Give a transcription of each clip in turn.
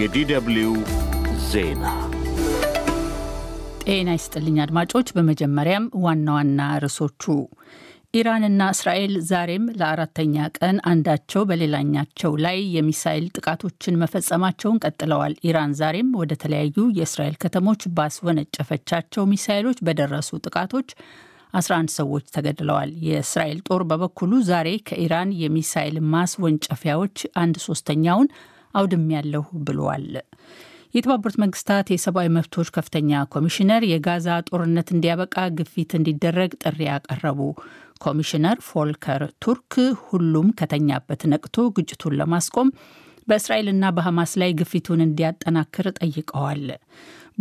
የዲደብሊው ዜና ጤና ይስጥልኝ አድማጮች። በመጀመሪያም ዋና ዋና ርዕሶቹ ኢራንና እስራኤል ዛሬም ለአራተኛ ቀን አንዳቸው በሌላኛቸው ላይ የሚሳይል ጥቃቶችን መፈጸማቸውን ቀጥለዋል። ኢራን ዛሬም ወደ ተለያዩ የእስራኤል ከተሞች ባስወነጨፈቻቸው ሚሳይሎች በደረሱ ጥቃቶች 11 ሰዎች ተገድለዋል። የእስራኤል ጦር በበኩሉ ዛሬ ከኢራን የሚሳይል ማስወንጨፊያዎች አንድ ሶስተኛውን አውድሜያለሁ ብሏል። የተባበሩት መንግስታት የሰብአዊ መብቶች ከፍተኛ ኮሚሽነር የጋዛ ጦርነት እንዲያበቃ ግፊት እንዲደረግ ጥሪ አቀረቡ። ኮሚሽነር ፎልከር ቱርክ ሁሉም ከተኛበት ነቅቶ ግጭቱን ለማስቆም በእስራኤልና በሐማስ ላይ ግፊቱን እንዲያጠናክር ጠይቀዋል።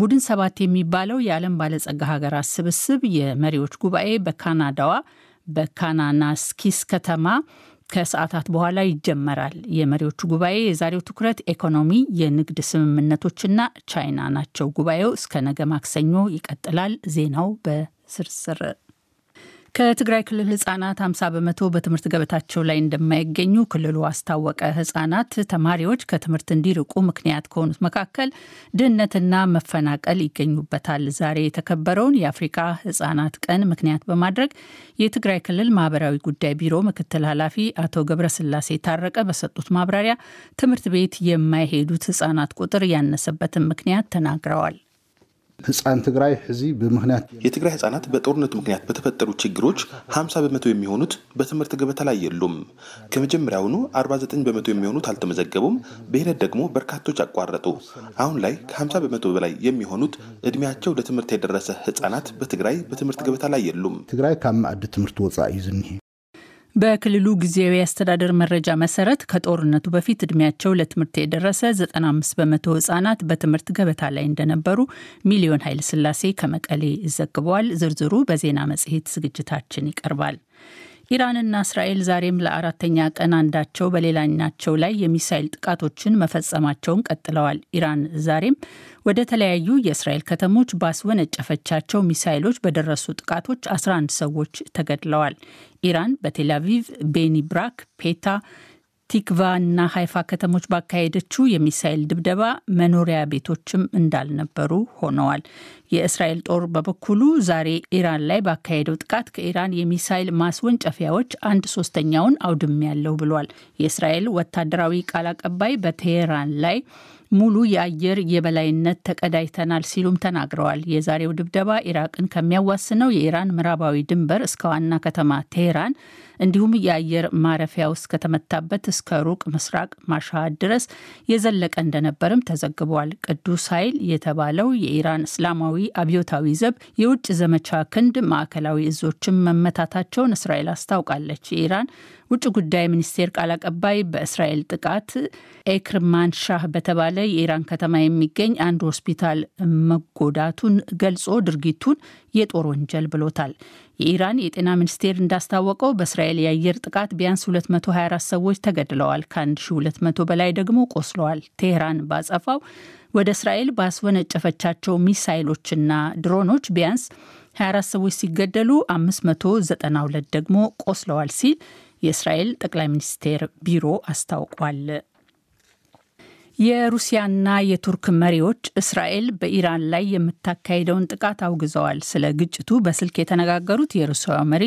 ቡድን ሰባት የሚባለው የዓለም ባለጸጋ ሀገራት ስብስብ የመሪዎች ጉባኤ በካናዳዋ በካናናስኪስ ከተማ ከሰዓታት በኋላ ይጀመራል። የመሪዎቹ ጉባኤ የዛሬው ትኩረት ኢኮኖሚ፣ የንግድ ስምምነቶችና ቻይና ናቸው። ጉባኤው እስከ ነገ ማክሰኞ ይቀጥላል። ዜናው በስርስር ከትግራይ ክልል ህጻናት 50 በመቶ በትምህርት ገበታቸው ላይ እንደማይገኙ ክልሉ አስታወቀ። ህጻናት ተማሪዎች ከትምህርት እንዲርቁ ምክንያት ከሆኑት መካከል ድህነትና መፈናቀል ይገኙበታል። ዛሬ የተከበረውን የአፍሪካ ህጻናት ቀን ምክንያት በማድረግ የትግራይ ክልል ማህበራዊ ጉዳይ ቢሮ ምክትል ኃላፊ አቶ ገብረስላሴ ታረቀ በሰጡት ማብራሪያ ትምህርት ቤት የማይሄዱት ህጻናት ቁጥር ያነሰበትን ምክንያት ተናግረዋል። ህፃን ትግራይ ሕዚ ብምክንያት የትግራይ ህፃናት በጦርነቱ ምክንያት በተፈጠሩ ችግሮች 50 በመቶ የሚሆኑት በትምህርት ገበታ ላይ የሉም። ከመጀመሪያውኑ 49 በመቶ የሚሆኑት አልተመዘገቡም። በሂደት ደግሞ በርካቶች አቋረጡ። አሁን ላይ ከ50 በመቶ በላይ የሚሆኑት እድሜያቸው ለትምህርት የደረሰ ህፃናት በትግራይ በትምህርት ገበታ ላይ የሉም። ትግራይ ካብ ማዕድ ትምህርት ወፃ እዩ ዝኒሄ በክልሉ ጊዜያዊ አስተዳደር መረጃ መሰረት ከጦርነቱ በፊት እድሜያቸው ለትምህርት የደረሰ 95 በመቶ ህጻናት በትምህርት ገበታ ላይ እንደነበሩ ሚሊዮን ኃይለ ስላሴ ከመቀሌ ዘግበዋል። ዝርዝሩ በዜና መጽሔት ዝግጅታችን ይቀርባል። ኢራንና እስራኤል ዛሬም ለአራተኛ ቀን አንዳቸው በሌላኛቸው ላይ የሚሳይል ጥቃቶችን መፈጸማቸውን ቀጥለዋል። ኢራን ዛሬም ወደ ተለያዩ የእስራኤል ከተሞች ባስወነጨፈቻቸው ሚሳይሎች በደረሱ ጥቃቶች 11 ሰዎች ተገድለዋል። ኢራን በቴል አቪቭ፣ ቤኒ ብራክ፣ ፔታ ቲክቫ እና ሀይፋ ከተሞች ባካሄደችው የሚሳኤል ድብደባ መኖሪያ ቤቶችም እንዳልነበሩ ሆነዋል። የእስራኤል ጦር በበኩሉ ዛሬ ኢራን ላይ ባካሄደው ጥቃት ከኢራን የሚሳይል ማስወንጨፊያዎች አንድ ሶስተኛውን አውድሜያለሁ ብሏል። የእስራኤል ወታደራዊ ቃል አቀባይ በቴሄራን ላይ ሙሉ የአየር የበላይነት ተቀዳጅተናል ሲሉም ተናግረዋል። የዛሬው ድብደባ ኢራቅን ከሚያዋስነው የኢራን ምዕራባዊ ድንበር እስከ ዋና ከተማ ቴሄራን እንዲሁም የአየር ማረፊያ ውስጥ ከተመታበት እስከ ሩቅ ምስራቅ ማሻሃድ ድረስ የዘለቀ እንደነበርም ተዘግቧል። ቅዱስ ኃይል የተባለው የኢራን እስላማዊ አብዮታዊ ዘብ የውጭ ዘመቻ ክንድ ማዕከላዊ እዞችን መመታታቸውን እስራኤል አስታውቃለች። የኢራን ውጭ ጉዳይ ሚኒስቴር ቃል አቀባይ በእስራኤል ጥቃት ኤክርማን ሻህ በተባለ የኢራን ከተማ የሚገኝ አንድ ሆስፒታል መጎዳቱን ገልጾ ድርጊቱን የጦር ወንጀል ብሎታል። የኢራን የጤና ሚኒስቴር እንዳስታወቀው በእስራኤል የአየር ጥቃት ቢያንስ 224 ሰዎች ተገድለዋል፣ ከ1200 በላይ ደግሞ ቆስለዋል። ቴህራን ባጸፋው ወደ እስራኤል ባስወነጨፈቻቸው ሚሳይሎችና ድሮኖች ቢያንስ 24 ሰዎች ሲገደሉ 592 ደግሞ ቆስለዋል ሲል የእስራኤል ጠቅላይ ሚኒስቴር ቢሮ አስታውቋል። የሩሲያና የቱርክ መሪዎች እስራኤል በኢራን ላይ የምታካሄደውን ጥቃት አውግዘዋል። ስለ ግጭቱ በስልክ የተነጋገሩት የሩሲያ መሪ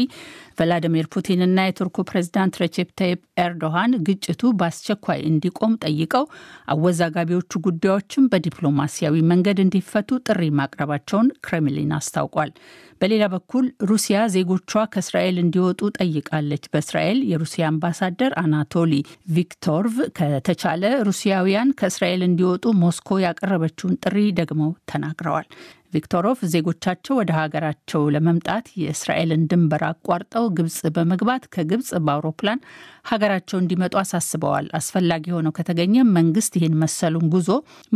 ቭላዲሚር ፑቲንና የቱርኩ ፕሬዚዳንት ረቼፕ ታይፕ ኤርዶሃን ግጭቱ በአስቸኳይ እንዲቆም ጠይቀው አወዛጋቢዎቹ ጉዳዮችም በዲፕሎማሲያዊ መንገድ እንዲፈቱ ጥሪ ማቅረባቸውን ክሬምሊን አስታውቋል። በሌላ በኩል ሩሲያ ዜጎቿ ከእስራኤል እንዲወጡ ጠይቃለች። በእስራኤል የሩሲያ አምባሳደር አናቶሊ ቪክቶርቭ ከተቻለ ሩሲያውያን ከእስራኤል እንዲወጡ ሞስኮ ያቀረበችውን ጥሪ ደግመው ተናግረዋል። ቪክቶሮቭ ዜጎቻቸው ወደ ሀገራቸው ለመምጣት የእስራኤልን ድንበር አቋርጠው ግብጽ በመግባት ከግብጽ በአውሮፕላን ሀገራቸው እንዲመጡ አሳስበዋል። አስፈላጊ ሆነው ከተገኘ መንግስት ይህን መሰሉን ጉዞ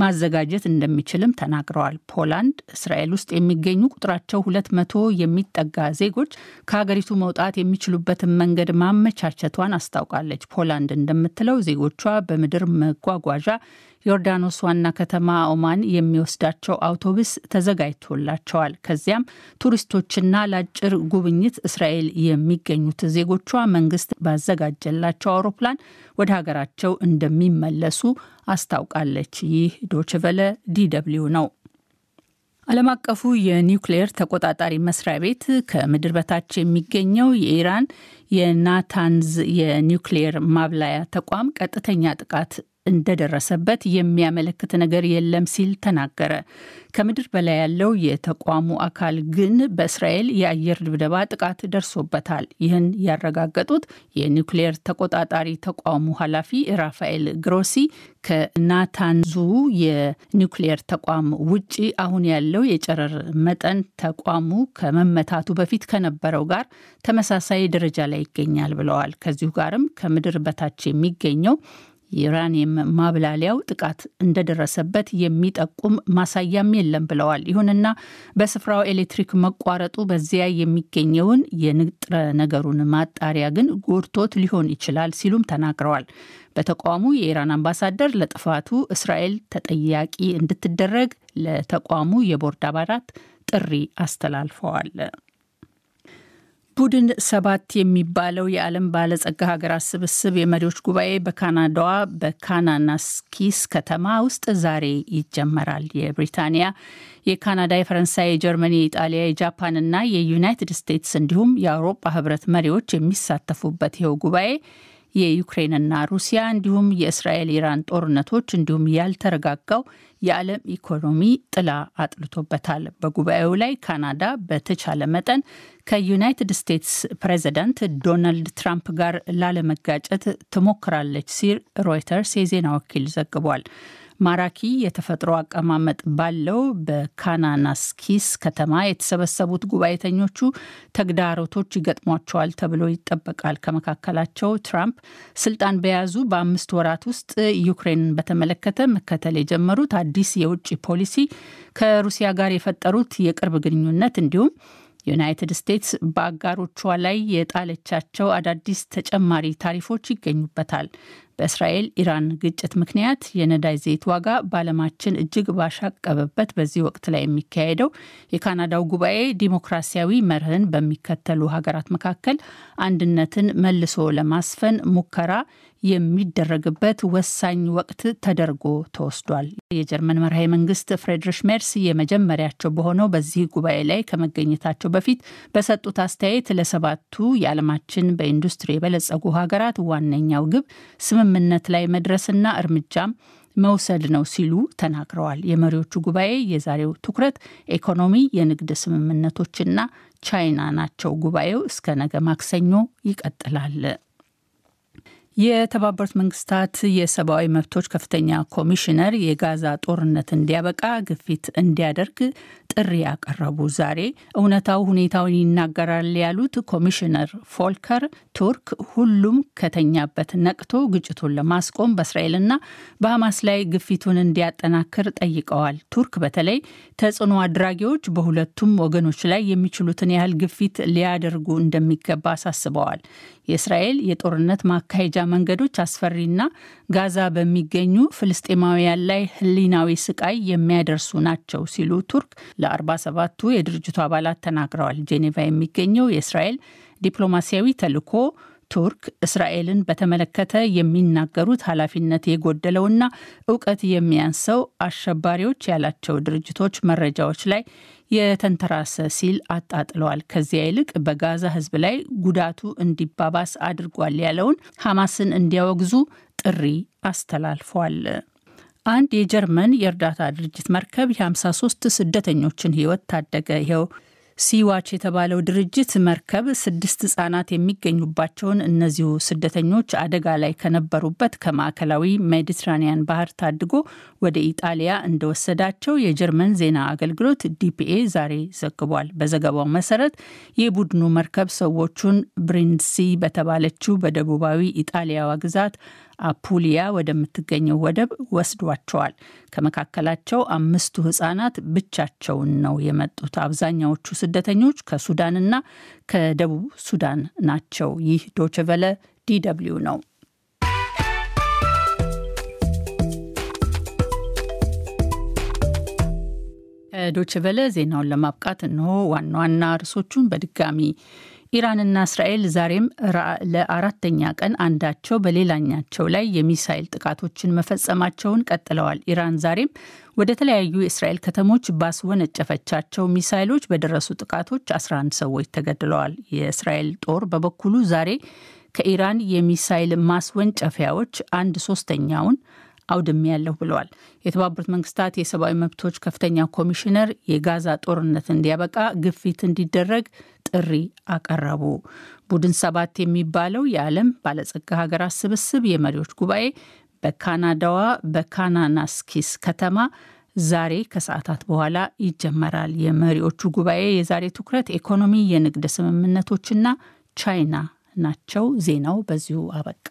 ማዘጋጀት እንደሚችልም ተናግረዋል። ፖላንድ እስራኤል ውስጥ የሚገኙ ቁጥራቸው ሁለት መቶ የሚጠጋ ዜጎች ከሀገሪቱ መውጣት የሚችሉበትን መንገድ ማመቻቸቷን አስታውቃለች። ፖላንድ እንደምትለው ዜጎቿ በምድር መጓጓዣ ዮርዳኖስ ዋና ከተማ ኦማን የሚወስዳቸው አውቶቡስ ተዘጋጅቶላቸዋል። ከዚያም ቱሪስቶችና ለአጭር ጉብኝት እስራኤል የሚገኙት ዜጎቿ መንግስት ባዘጋጀላቸው አውሮፕላን ወደ ሀገራቸው እንደሚመለሱ አስታውቃለች። ይህ ዶችቨለ ዲደብሊው ነው። ዓለም አቀፉ የኒውክሌር ተቆጣጣሪ መስሪያ ቤት ከምድር በታች የሚገኘው የኢራን የናታንዝ የኒውክሌር ማብላያ ተቋም ቀጥተኛ ጥቃት እንደደረሰበት የሚያመለክት ነገር የለም ሲል ተናገረ። ከምድር በላይ ያለው የተቋሙ አካል ግን በእስራኤል የአየር ድብደባ ጥቃት ደርሶበታል። ይህን ያረጋገጡት የኒውክሌር ተቆጣጣሪ ተቋሙ ኃላፊ ራፋኤል ግሮሲ ከናታንዙ የኒውክሌር ተቋም ውጪ አሁን ያለው የጨረር መጠን ተቋሙ ከመመታቱ በፊት ከነበረው ጋር ተመሳሳይ ደረጃ ላይ ይገኛል ብለዋል። ከዚሁ ጋርም ከምድር በታች የሚገኘው የዩራኒየም ማብላሊያው ጥቃት እንደደረሰበት የሚጠቁም ማሳያም የለም ብለዋል። ይሁንና በስፍራው ኤሌክትሪክ መቋረጡ በዚያ የሚገኘውን የንጥረ ነገሩን ማጣሪያ ግን ጎድቶት ሊሆን ይችላል ሲሉም ተናግረዋል። በተቋሙ የኢራን አምባሳደር ለጥፋቱ እስራኤል ተጠያቂ እንድትደረግ ለተቋሙ የቦርድ አባላት ጥሪ አስተላልፈዋል። ቡድን ሰባት የሚባለው የዓለም ባለጸጋ ሀገራት ስብስብ የመሪዎች ጉባኤ በካናዳዋ በካናናስኪስ ከተማ ውስጥ ዛሬ ይጀመራል። የብሪታንያ፣ የካናዳ፣ የፈረንሳይ፣ የጀርመኒ፣ የኢጣሊያ፣ የጃፓንና የዩናይትድ ስቴትስ እንዲሁም የአውሮፓ ህብረት መሪዎች የሚሳተፉበት ይኸው ጉባኤ የዩክሬንና ሩሲያ እንዲሁም የእስራኤል ኢራን ጦርነቶች እንዲሁም ያልተረጋጋው የዓለም ኢኮኖሚ ጥላ አጥልቶበታል። በጉባኤው ላይ ካናዳ በተቻለ መጠን ከዩናይትድ ስቴትስ ፕሬዚደንት ዶናልድ ትራምፕ ጋር ላለመጋጨት ትሞክራለች ሲል ሮይተርስ የዜና ወኪል ዘግቧል። ማራኪ የተፈጥሮ አቀማመጥ ባለው በካናናስኪስ ከተማ የተሰበሰቡት ጉባኤተኞቹ ተግዳሮቶች ይገጥሟቸዋል ተብሎ ይጠበቃል። ከመካከላቸው ትራምፕ ስልጣን በያዙ በአምስት ወራት ውስጥ ዩክሬንን በተመለከተ መከተል የጀመሩት አዲስ የውጭ ፖሊሲ፣ ከሩሲያ ጋር የፈጠሩት የቅርብ ግንኙነት እንዲሁም ዩናይትድ ስቴትስ በአጋሮቿ ላይ የጣለቻቸው አዳዲስ ተጨማሪ ታሪፎች ይገኙበታል። በእስራኤል ኢራን ግጭት ምክንያት የነዳጅ ዘይት ዋጋ በዓለማችን እጅግ ባሻቀበበት በዚህ ወቅት ላይ የሚካሄደው የካናዳው ጉባኤ ዲሞክራሲያዊ መርህን በሚከተሉ ሀገራት መካከል አንድነትን መልሶ ለማስፈን ሙከራ የሚደረግበት ወሳኝ ወቅት ተደርጎ ተወስዷል። የጀርመን መርሃ መንግስት ፍሬድሪሽ ሜርስ የመጀመሪያቸው በሆነው በዚህ ጉባኤ ላይ ከመገኘታቸው በፊት በሰጡት አስተያየት ለሰባቱ የዓለማችን በኢንዱስትሪ የበለጸጉ ሀገራት ዋነኛው ግብ ስምም ስምምነት ላይ መድረስና እርምጃም መውሰድ ነው ሲሉ ተናግረዋል። የመሪዎቹ ጉባኤ የዛሬው ትኩረት ኢኮኖሚ፣ የንግድ ስምምነቶችና ቻይና ናቸው። ጉባኤው እስከ ነገ ማክሰኞ ይቀጥላል። የተባበሩት መንግስታት የሰብአዊ መብቶች ከፍተኛ ኮሚሽነር የጋዛ ጦርነት እንዲያበቃ ግፊት እንዲያደርግ ጥሪ ያቀረቡ ዛሬ እውነታው ሁኔታውን ይናገራል ያሉት ኮሚሽነር ፎልከር ቱርክ ሁሉም ከተኛበት ነቅቶ ግጭቱን ለማስቆም በእስራኤልና በሐማስ ላይ ግፊቱን እንዲያጠናክር ጠይቀዋል። ቱርክ በተለይ ተጽዕኖ አድራጊዎች በሁለቱም ወገኖች ላይ የሚችሉትን ያህል ግፊት ሊያደርጉ እንደሚገባ አሳስበዋል። የእስራኤል የጦርነት ማካሄጃ መንገዶች አስፈሪና ጋዛ በሚገኙ ፍልስጤማውያን ላይ ህሊናዊ ስቃይ የሚያደርሱ ናቸው ሲሉ ቱርክ 47 ቱ የድርጅቱ አባላት ተናግረዋል። ጄኔቫ የሚገኘው የእስራኤል ዲፕሎማሲያዊ ተልዕኮ ቱርክ እስራኤልን በተመለከተ የሚናገሩት ኃላፊነት የጎደለውና እውቀት የሚያንሰው አሸባሪዎች ያላቸው ድርጅቶች መረጃዎች ላይ የተንተራሰ ሲል አጣጥለዋል። ከዚያ ይልቅ በጋዛ ሕዝብ ላይ ጉዳቱ እንዲባባስ አድርጓል ያለውን ሐማስን እንዲያወግዙ ጥሪ አስተላልፏል። አንድ የጀርመን የእርዳታ ድርጅት መርከብ የ53 ስደተኞችን ህይወት ታደገ። ይኸው ሲዋች የተባለው ድርጅት መርከብ ስድስት ህጻናት የሚገኙባቸውን እነዚሁ ስደተኞች አደጋ ላይ ከነበሩበት ከማዕከላዊ ሜዲትራኒያን ባህር ታድጎ ወደ ኢጣሊያ እንደወሰዳቸው የጀርመን ዜና አገልግሎት ዲፒኤ ዛሬ ዘግቧል። በዘገባው መሰረት የቡድኑ መርከብ ሰዎቹን ብሪንድሲ በተባለችው በደቡባዊ ኢጣሊያዋ ግዛት አፑሊያ ወደምትገኘው ወደብ ወስዷቸዋል። ከመካከላቸው አምስቱ ህጻናት ብቻቸውን ነው የመጡት። አብዛኛዎቹ ስደተኞች ከሱዳንና ከደቡብ ሱዳን ናቸው። ይህ ዶችቨለ ዲደብሊው ነው። ዶችቨለ ዜናውን ለማብቃት እንሆ ዋና ዋና ርዕሶቹን በድጋሚ ኢራንና እስራኤል ዛሬም ለአራተኛ ቀን አንዳቸው በሌላኛቸው ላይ የሚሳይል ጥቃቶችን መፈጸማቸውን ቀጥለዋል። ኢራን ዛሬም ወደ ተለያዩ የእስራኤል ከተሞች ባስወነጨፈቻቸው ሚሳይሎች በደረሱ ጥቃቶች 11 ሰዎች ተገድለዋል። የእስራኤል ጦር በበኩሉ ዛሬ ከኢራን የሚሳይል ማስወንጨፊያዎች አንድ ሶስተኛውን አውድሜ ያለሁ ብለዋል። የተባበሩት መንግስታት የሰብአዊ መብቶች ከፍተኛ ኮሚሽነር የጋዛ ጦርነት እንዲያበቃ ግፊት እንዲደረግ ጥሪ አቀረቡ። ቡድን ሰባት የሚባለው የዓለም ባለጸጋ ሀገራት ስብስብ የመሪዎች ጉባኤ በካናዳዋ በካናናስኪስ ከተማ ዛሬ ከሰዓታት በኋላ ይጀመራል። የመሪዎቹ ጉባኤ የዛሬ ትኩረት ኢኮኖሚ፣ የንግድ ስምምነቶችና ቻይና ናቸው። ዜናው በዚሁ አበቃ።